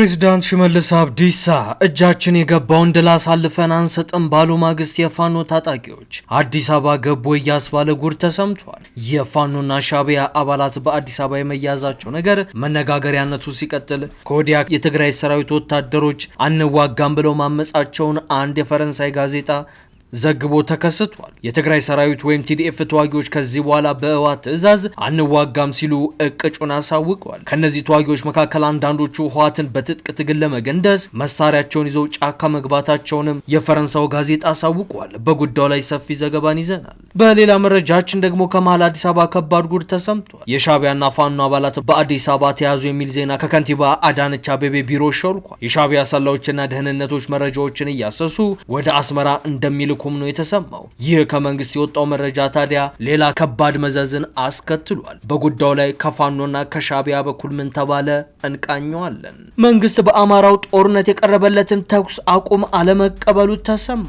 ፕሬዚዳንት ሽመልስ አብዲሳ እጃችን የገባውን ድል አሳልፈን አንሰጥም ባሉ ማግስት የፋኖ ታጣቂዎች አዲስ አበባ ገቡ እያስባለ ጉድ ተሰምቷል። የፋኖና ሻቢያ አባላት በአዲስ አበባ የመያዛቸው ነገር መነጋገሪያነቱ ሲቀጥል ከወዲያ የትግራይ ሰራዊት ወታደሮች አንዋጋም ብለው ማመጻቸውን አንድ የፈረንሳይ ጋዜጣ ዘግቦ ተከስቷል። የትግራይ ሰራዊት ወይም ቲዲኤፍ ተዋጊዎች ከዚህ በኋላ በህወሓት ትዕዛዝ አንዋጋም ሲሉ እቅጩን አሳውቀዋል። ከእነዚህ ተዋጊዎች መካከል አንዳንዶቹ ህወሓትን በትጥቅ ትግል ለመገንደስ መሳሪያቸውን ይዘው ጫካ መግባታቸውንም የፈረንሳው ጋዜጣ አሳውቀዋል። በጉዳዩ ላይ ሰፊ ዘገባን ይዘናል። በሌላ መረጃችን ደግሞ ከመሀል አዲስ አበባ ከባድ ጉድ ተሰምቷል። የሻቢያና ፋኖ አባላት በአዲስ አበባ ተያዙ የሚል ዜና ከከንቲባ አዳነች አቤቤ ቢሮ ሾልኳል። የሻቢያ ሰላዎችና ደህንነቶች መረጃዎችን እያሰሱ ወደ አስመራ እንደሚልኩ ሲልኩም ነው የተሰማው። ይህ ከመንግስት የወጣው መረጃ ታዲያ ሌላ ከባድ መዘዝን አስከትሏል። በጉዳዩ ላይ ከፋኖና ከሻቢያ በኩል ምን ተባለ እንቃኘዋለን። መንግስት በአማራው ጦርነት የቀረበለትን ተኩስ አቁም አለመቀበሉ ተሰማ።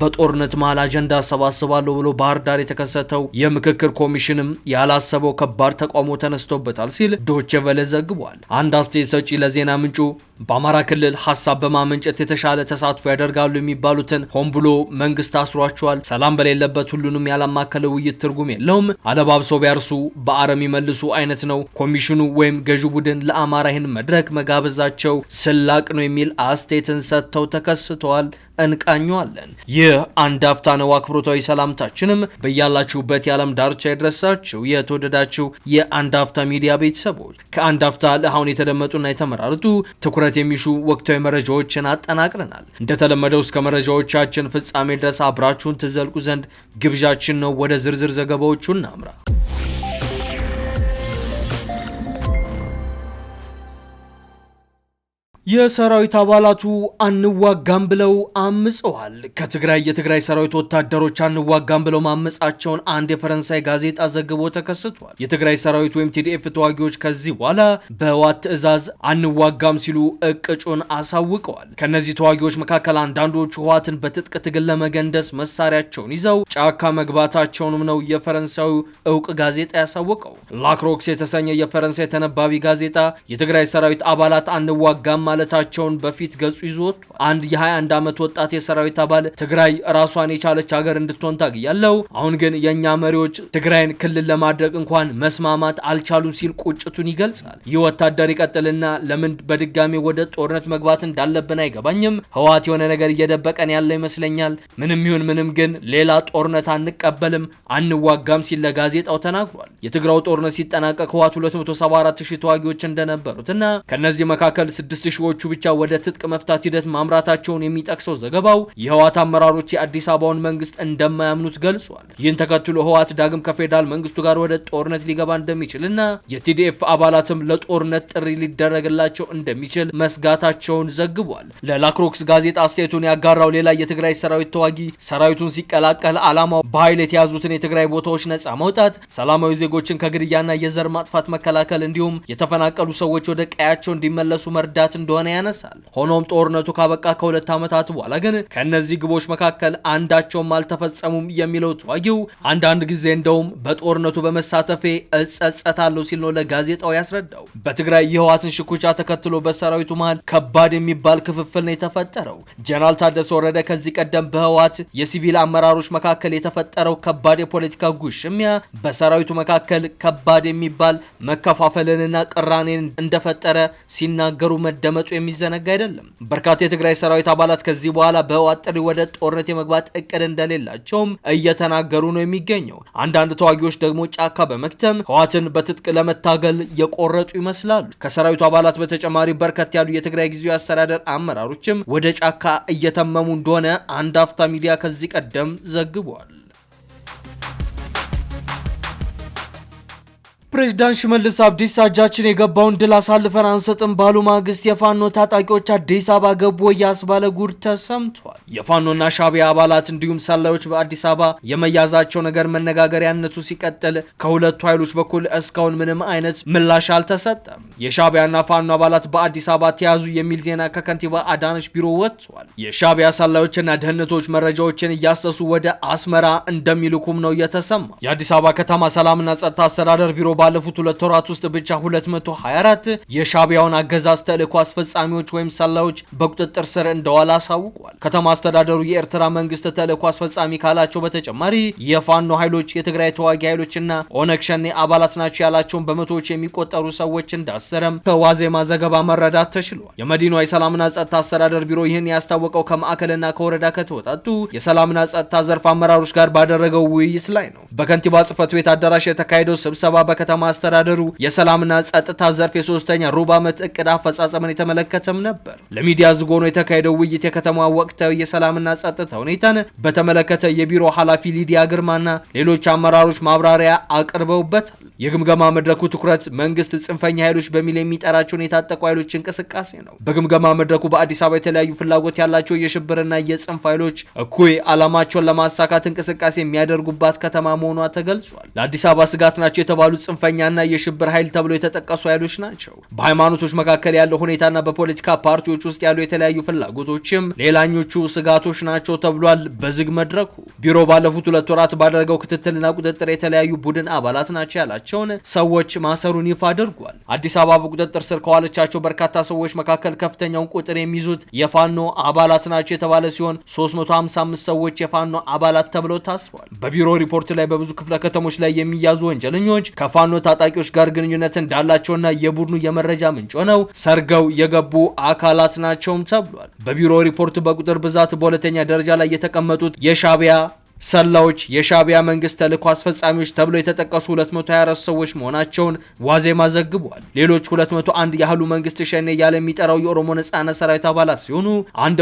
በጦርነት መሀል አጀንዳ አሰባስባለሁ ብሎ ባህር ዳር የተከሰተው የምክክር ኮሚሽንም ያላሰበው ከባድ ተቃውሞ ተነስቶበታል ሲል ዶቼ ቬለ ዘግቧል። አንድ አስተያየት ሰጪ ለዜና ምንጩ በአማራ ክልል ሀሳብ በማመንጨት የተሻለ ተሳትፎ ያደርጋሉ የሚባሉትን ሆን ብሎ መንግስት አስሯቸዋል። ሰላም በሌለበት ሁሉንም ያላማከለ ውይይት ትርጉም የለውም። አለባብሰው ቢያርሱ በአረም ይመልሱ አይነት ነው። ኮሚሽኑ ወይም ገዢ ቡድን ለአማራ ይህን መድረክ መጋበዛቸው ስላቅ ነው የሚል አስተያየትን ሰጥተው ተከስተዋል። እንቃኘዋለን። ይህ አንድ አፍታ ነው። አክብሮታዊ ሰላምታችንም በያላችሁበት የዓለም ዳርቻ የደረሳችሁ የተወደዳችሁ የአንድ አፍታ ሚዲያ ቤተሰቦች ከአንድ አፍታ ለአሁን የተደመጡና የተመራርጡ ትኩረት የሚሹ ወቅታዊ መረጃዎችን አጠናቅረናል። እንደተለመደው እስከ መረጃዎቻችን ፍጻሜ ድረስ አብራችሁን ትዘልቁ ዘንድ ግብዣችን ነው። ወደ ዝርዝር ዘገባዎቹ እናምራ። የሰራዊት አባላቱ አንዋጋም ብለው አምፀዋል። ከትግራይ የትግራይ ሰራዊት ወታደሮች አንዋጋም ብለው ማመጻቸውን አንድ የፈረንሳይ ጋዜጣ ዘግቦ ተከስቷል። የትግራይ ሰራዊት ወይም ቲዲኤፍ ተዋጊዎች ከዚህ በኋላ በዋት ትዕዛዝ አንዋጋም ሲሉ እቅጩን አሳውቀዋል። ከእነዚህ ተዋጊዎች መካከል አንዳንዶቹ ህዋትን በትጥቅ ትግል ለመገንደስ መሳሪያቸውን ይዘው ጫካ መግባታቸውንም ነው የፈረንሳዩ እውቅ ጋዜጣ ያሳወቀው። ላክሮክስ የተሰኘ የፈረንሳይ ተነባቢ ጋዜጣ የትግራይ ሰራዊት አባላት አንዋጋም ማለታቸውን በፊት ገጹ ይዞት አንድ የ21 ዓመት ወጣት የሰራዊት አባል ትግራይ ራሷን የቻለች ሀገር እንድትሆን ታግያለው፣ አሁን ግን የእኛ መሪዎች ትግራይን ክልል ለማድረግ እንኳን መስማማት አልቻሉም ሲል ቁጭቱን ይገልጻል። ይህ ወታደር ይቀጥልና ለምን በድጋሚ ወደ ጦርነት መግባት እንዳለብን አይገባኝም። ህወሓት የሆነ ነገር እየደበቀን ያለ ይመስለኛል። ምንም ይሁን ምንም ግን ሌላ ጦርነት አንቀበልም፣ አንዋጋም ሲል ለጋዜጣው ተናግሯል። የትግራው ጦርነት ሲጠናቀቅ ህወሓት 274 ሺህ ተዋጊዎች እንደነበሩት እና ከእነዚህ መካከል 6 ሺዎቹ ብቻ ወደ ትጥቅ መፍታት ሂደት ማምራታቸውን የሚጠቅሰው ዘገባው የህወሓት አመራሮች የአዲስ አበባውን መንግስት እንደማያምኑት ገልጿል። ይህን ተከትሎ ህወሓት ዳግም ከፌዴራል መንግስቱ ጋር ወደ ጦርነት ሊገባ እንደሚችልና የቲዲኤፍ አባላትም ለጦርነት ጥሪ ሊደረግላቸው እንደሚችል መስጋታቸውን ዘግቧል። ለላክሮክስ ጋዜጣ አስተያየቱን ያጋራው ሌላ የትግራይ ሰራዊት ተዋጊ ሰራዊቱን ሲቀላቀል አላማው በኃይል የተያዙትን የትግራይ ቦታዎች ነጻ መውጣት ሰላማዊ ዜጎችን ከግድያና የዘር ማጥፋት መከላከል እንዲሁም የተፈናቀሉ ሰዎች ወደ ቀያቸው እንዲመለሱ መርዳት እንደሆነ ያነሳል። ሆኖም ጦርነቱ ካበቃ ከሁለት ዓመታት በኋላ ግን ከእነዚህ ግቦች መካከል አንዳቸውም አልተፈጸሙም የሚለው ተዋጊው አንዳንድ ጊዜ እንደውም በጦርነቱ በመሳተፌ እጸጸታለሁ ሲል ነው ለጋዜጣው ያስረዳው። በትግራይ የህወሓትን ሽኩቻ ተከትሎ በሰራዊቱ መሃል ከባድ የሚባል ክፍፍል ነው የተፈጠረው። ጀነራል ታደሰ ወረደ ከዚህ ቀደም በህወሓት የሲቪል አመራሮች መካከል የተፈጠረው ከባድ የፖለቲካ ጉሽሚያ በሰራዊቱ መካከል ከባድ የሚባል መከፋፈልንና ቅራኔን እንደፈጠረ ሲናገሩ መደመ መቀመጡ የሚዘነጋ አይደለም። በርካታ የትግራይ ሰራዊት አባላት ከዚህ በኋላ በህወሓት ጥሪ ወደ ጦርነት የመግባት እቅድ እንደሌላቸውም እየተናገሩ ነው የሚገኘው። አንዳንድ ተዋጊዎች ደግሞ ጫካ በመክተም ህወሓትን በትጥቅ ለመታገል የቆረጡ ይመስላሉ። ከሰራዊቱ አባላት በተጨማሪ በርከት ያሉ የትግራይ ጊዜያዊ አስተዳደር አመራሮችም ወደ ጫካ እየተመሙ እንደሆነ አንድ አፍታ ሚዲያ ከዚህ ቀደም ዘግቧል። ፕሬዚዳንት ሽመልስ አብዲስ እጃችን የገባውን ድል አሳልፈን አንሰጥም ባሉ ማግስት የፋኖ ታጣቂዎች አዲስ አበባ ገቡ እያስባለ ጉድ ተሰምቷል። የፋኖና ሻቢያ አባላት እንዲሁም ሰላዮች በአዲስ አበባ የመያዛቸው ነገር መነጋገሪያነቱ ሲቀጥል ከሁለቱ ኃይሎች በኩል እስካሁን ምንም አይነት ምላሽ አልተሰጠም። የሻቢያና ፋኖ አባላት በአዲስ አበባ ተያዙ የሚል ዜና ከከንቲባ አዳነች ቢሮ ወጥቷል። የሻቢያ ሰላዮችና ደህንቶች መረጃዎችን እያሰሱ ወደ አስመራ እንደሚልኩም ነው የተሰማ። የአዲስ አበባ ከተማ ሰላምና ጸጥታ አስተዳደር ቢሮ ባለፉት ሁለት ወራት ውስጥ ብቻ 224 የሻቢያውን አገዛዝ ተልእኮ አስፈጻሚዎች ወይም ሰላዮች በቁጥጥር ስር እንደዋለ አሳውቋል። ከተማ አስተዳደሩ የኤርትራ መንግስት ተልእኮ አስፈጻሚ ካላቸው በተጨማሪ የፋኖ ኃይሎች፣ የትግራይ ተዋጊ ኃይሎችና ኦነግ ሸኔ አባላት ናቸው ያላቸውን በመቶዎች የሚቆጠሩ ሰዎች እንዳሰረም ከዋዜማ ዘገባ መረዳት ተችሏል። የመዲናዋ የሰላምና ጸጥታ አስተዳደር ቢሮ ይህን ያስታወቀው ከማዕከልና ከወረዳ ከተወጣጡ የሰላምና ጸጥታ ዘርፍ አመራሮች ጋር ባደረገው ውይይት ላይ ነው። በከንቲባ ጽህፈት ቤት አዳራሽ የተካሄደው ስብሰባ በከተማ ማስተዳደሩ አስተዳደሩ የሰላምና ጸጥታ ዘርፍ የሶስተኛ ሩብ ዓመት እቅድ አፈጻጸምን የተመለከተም ነበር። ለሚዲያ ዝጎኖ የተካሄደው ውይይት የከተማ ወቅታዊ የሰላምና ጸጥታ ሁኔታን በተመለከተ የቢሮ ኃላፊ ሊዲያ ግርማና ሌሎች አመራሮች ማብራሪያ አቅርበውበታል። የግምገማ መድረኩ ትኩረት መንግስት ጽንፈኛ ኃይሎች በሚል የሚጠራቸውን የታጠቁ ኃይሎች እንቅስቃሴ ነው። በግምገማ መድረኩ በአዲስ አበባ የተለያዩ ፍላጎት ያላቸው የሽብርና የጽንፍ ኃይሎች እኩይ ዓላማቸውን ለማሳካት እንቅስቃሴ የሚያደርጉባት ከተማ መሆኗ ተገልጿል። ለአዲስ አበባ ስጋት ናቸው የተባሉ ጽንፈኛና የሽብር ኃይል ተብሎ የተጠቀሱ ኃይሎች ናቸው። በሃይማኖቶች መካከል ያለው ሁኔታና በፖለቲካ ፓርቲዎች ውስጥ ያሉ የተለያዩ ፍላጎቶችም ሌላኞቹ ስጋቶች ናቸው ተብሏል። በዝግ መድረኩ ቢሮ ባለፉት ሁለት ወራት ባደረገው ክትትልና ቁጥጥር የተለያዩ ቡድን አባላት ናቸው ያላቸው ያላቸውን ሰዎች ማሰሩን ይፋ አድርጓል። አዲስ አበባ በቁጥጥር ስር ከዋለቻቸው በርካታ ሰዎች መካከል ከፍተኛውን ቁጥር የሚይዙት የፋኖ አባላት ናቸው የተባለ ሲሆን 355 ሰዎች የፋኖ አባላት ተብለው ታስረዋል። በቢሮ ሪፖርት ላይ በብዙ ክፍለ ከተሞች ላይ የሚያዙ ወንጀለኞች ከፋኖ ታጣቂዎች ጋር ግንኙነት እንዳላቸውና የቡድኑ የመረጃ ምንጭ ሆነው ሰርገው የገቡ አካላት ናቸውም ተብሏል። በቢሮ ሪፖርት በቁጥር ብዛት በሁለተኛ ደረጃ ላይ የተቀመጡት የሻቢያ ሰላዎች የሻቢያ መንግስት ተልእኮ አስፈጻሚዎች ተብሎ የተጠቀሱ 224 ሰዎች መሆናቸውን ዋዜማ ዘግቧል። ሌሎች 201 ያህሉ መንግስት ሸኔ እያለ የሚጠራው የኦሮሞ ነጻነት ሰራዊት አባላት ሲሆኑ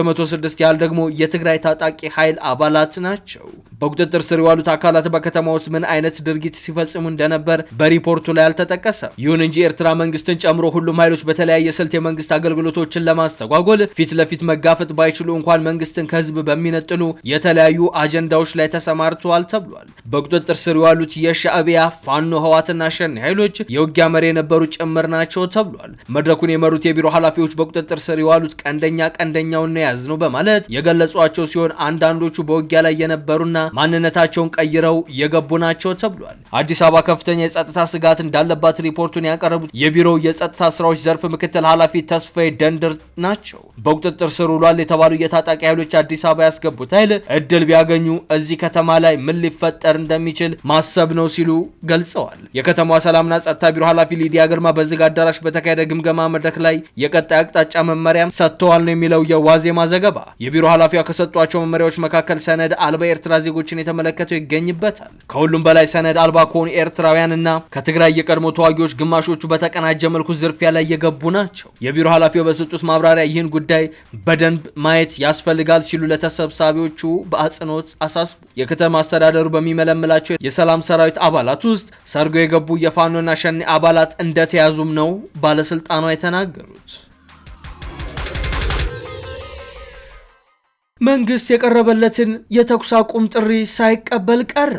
106 ያህል ደግሞ የትግራይ ታጣቂ ኃይል አባላት ናቸው። በቁጥጥር ስር የዋሉት አካላት በከተማ ውስጥ ምን አይነት ድርጊት ሲፈጽሙ እንደነበር በሪፖርቱ ላይ አልተጠቀሰም። ይሁን እንጂ የኤርትራ መንግስትን ጨምሮ ሁሉም ኃይሎች በተለያየ ስልት የመንግስት አገልግሎቶችን ለማስተጓጎል ፊት ለፊት መጋፈጥ ባይችሉ እንኳን መንግስትን ከህዝብ በሚነጥሉ የተለያዩ አጀንዳዎች ላይ ላይ ተሰማርተዋል ተብሏል። በቁጥጥር ስር የዋሉት የሻዕቢያ ፋኖ፣ ህዋትና ሸኔ ኃይሎች የውጊያ መሪ የነበሩ ጭምር ናቸው ተብሏል። መድረኩን የመሩት የቢሮ ኃላፊዎች በቁጥጥር ስር የዋሉት ቀንደኛ ቀንደኛውን የያዝ ነው በማለት የገለጿቸው ሲሆን አንዳንዶቹ በውጊያ ላይ የነበሩና ማንነታቸውን ቀይረው የገቡ ናቸው ተብሏል። አዲስ አበባ ከፍተኛ የጸጥታ ስጋት እንዳለባት ሪፖርቱን ያቀረቡት የቢሮው የጸጥታ ስራዎች ዘርፍ ምክትል ኃላፊ ተስፋዬ ደንድር ናቸው። በቁጥጥር ስር ውሏል የተባሉ የታጣቂ ኃይሎች አዲስ አበባ ያስገቡት ኃይል እድል ቢያገኙ እዚህ በዚህ ከተማ ላይ ምን ሊፈጠር እንደሚችል ማሰብ ነው ሲሉ ገልጸዋል። የከተማዋ ሰላምና ጸጥታ ቢሮ ኃላፊ ሊዲያ ግርማ በዝግ አዳራሽ በተካሄደ ግምገማ መድረክ ላይ የቀጣይ አቅጣጫ መመሪያም ሰጥተዋል ነው የሚለው የዋዜማ ዘገባ። የቢሮ ኃላፊዋ ከሰጧቸው መመሪያዎች መካከል ሰነድ አልባ ኤርትራ ዜጎችን የተመለከተው ይገኝበታል። ከሁሉም በላይ ሰነድ አልባ ከሆኑ ኤርትራውያንና ከትግራይ የቀድሞ ተዋጊዎች ግማሾቹ በተቀናጀ መልኩ ዝርፊያ ላይ የገቡ ናቸው። የቢሮ ኃላፊው በሰጡት ማብራሪያ ይህን ጉዳይ በደንብ ማየት ያስፈልጋል ሲሉ ለተሰብሳቢዎቹ በአጽንኦት አሳስቡ። የከተማ አስተዳደሩ በሚመለምላቸው የሰላም ሰራዊት አባላት ውስጥ ሰርጎ የገቡ የፋኖና ሸኔ አባላት እንደተያዙም ነው ባለስልጣኗ የተናገሩት። መንግስት የቀረበለትን የተኩስ አቁም ጥሪ ሳይቀበል ቀረ።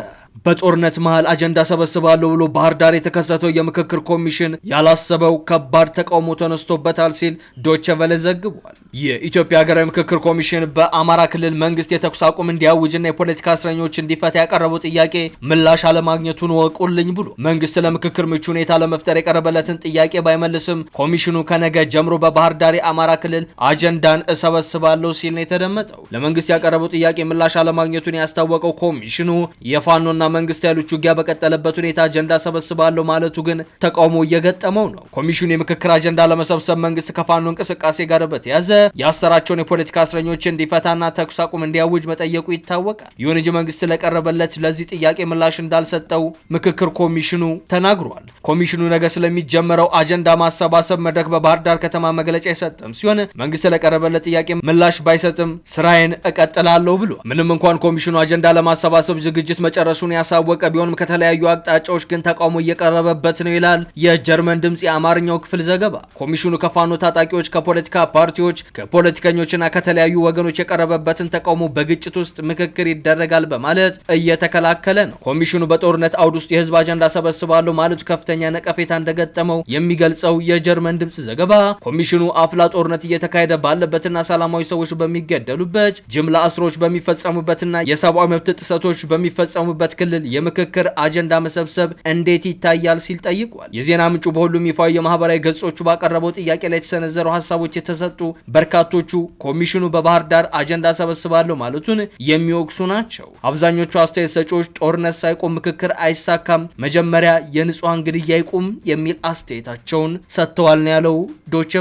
በጦርነት መሃል አጀንዳ ሰበስባለሁ ብሎ ባህር ዳር የተከሰተው የምክክር ኮሚሽን ያላሰበው ከባድ ተቃውሞ ተነስቶበታል ሲል ዶቸ ቨለ ዘግቧል። የኢትዮጵያ ሀገራዊ ምክክር ኮሚሽን በአማራ ክልል መንግስት የተኩስ አቁም እንዲያውጅና የፖለቲካ እስረኞች እንዲፈታ ያቀረበው ጥያቄ ምላሽ አለማግኘቱን ወቁልኝ ብሎ መንግስት ለምክክር ምቹ ሁኔታ ለመፍጠር የቀረበለትን ጥያቄ ባይመልስም ኮሚሽኑ ከነገ ጀምሮ በባህር ዳር የአማራ ክልል አጀንዳን እሰበስባለሁ ሲል ነው የተደመጠው። ለመንግስት ያቀረበው ጥያቄ ምላሽ አለማግኘቱን ያስታወቀው ኮሚሽኑ የፋኖና መንግስት ያሉት ውጊያ በቀጠለበት ሁኔታ አጀንዳ ሰበስባለሁ ማለቱ ግን ተቃውሞ እየገጠመው ነው። ኮሚሽኑ የምክክር አጀንዳ ለመሰብሰብ መንግስት ከፋኖ እንቅስቃሴ ጋር በተያዘ ያሰራቸውን የፖለቲካ እስረኞች እንዲፈታና ተኩስ አቁም እንዲያውጅ መጠየቁ ይታወቃል። ይሁን እንጂ መንግስት ለቀረበለት ለዚህ ጥያቄ ምላሽ እንዳልሰጠው ምክክር ኮሚሽኑ ተናግሯል። ኮሚሽኑ ነገ ስለሚጀመረው አጀንዳ ማሰባሰብ መድረክ በባህር ዳር ከተማ መግለጫ የሰጠም ሲሆን መንግስት ለቀረበለት ጥያቄ ምላሽ ባይሰጥም ስራዬን እቀጥላለሁ ብሏል። ምንም እንኳን ኮሚሽኑ አጀንዳ ለማሰባሰብ ዝግጅት መጨረሱን ያሳወቀ ቢሆንም ከተለያዩ አቅጣጫዎች ግን ተቃውሞ እየቀረበበት ነው ይላል የጀርመን ድምፅ የአማርኛው ክፍል ዘገባ። ኮሚሽኑ ከፋኖ ታጣቂዎች፣ ከፖለቲካ ፓርቲዎች፣ ከፖለቲከኞችና ከተለያዩ ወገኖች የቀረበበትን ተቃውሞ በግጭት ውስጥ ምክክር ይደረጋል በማለት እየተከላከለ ነው። ኮሚሽኑ በጦርነት አውድ ውስጥ የህዝብ አጀንዳ ሰበስባለሁ ማለቱ ከፍተኛ ነቀፌታ እንደገጠመው የሚገልጸው የጀርመን ድምጽ ዘገባ ኮሚሽኑ አፍላ ጦርነት እየተካሄደ ባለበትና ሰላማዊ ሰዎች በሚገደሉበት ጅምላ አስሮች በሚፈጸሙበትና የሰብአዊ መብት ጥሰቶች በሚፈጸሙበት ክልል የምክክር አጀንዳ መሰብሰብ እንዴት ይታያል ሲል ጠይቋል። የዜና ምንጩ በሁሉም ይፋዊ የማህበራዊ ገጾቹ ባቀረበው ጥያቄ ላይ የተሰነዘሩ ሀሳቦች የተሰጡ በርካቶቹ ኮሚሽኑ በባህር ዳር አጀንዳ ሰበስባለሁ ማለቱን የሚወቅሱ ናቸው። አብዛኞቹ አስተያየት ሰጪዎች ጦርነት ሳይቆም ምክክር አይሳካም፣ መጀመሪያ የንጹሐን ግድያ ይቁም የሚል አስተያየታቸውን ሰጥተዋል ነው ያለው ዶቼ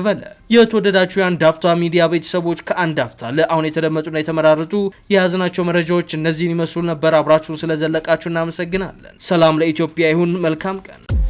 የተወደዳችሁ የአንድ አፍታ ሚዲያ ቤተሰቦች ከአንድ አፍታ ለአሁን የተደመጡና የተመራረጡ የያዝናቸው መረጃዎች እነዚህን ይመስሉ ነበር። አብራችሁን ስለዘለቃችሁ እናመሰግናለን። ሰላም ለኢትዮጵያ ይሁን። መልካም ቀን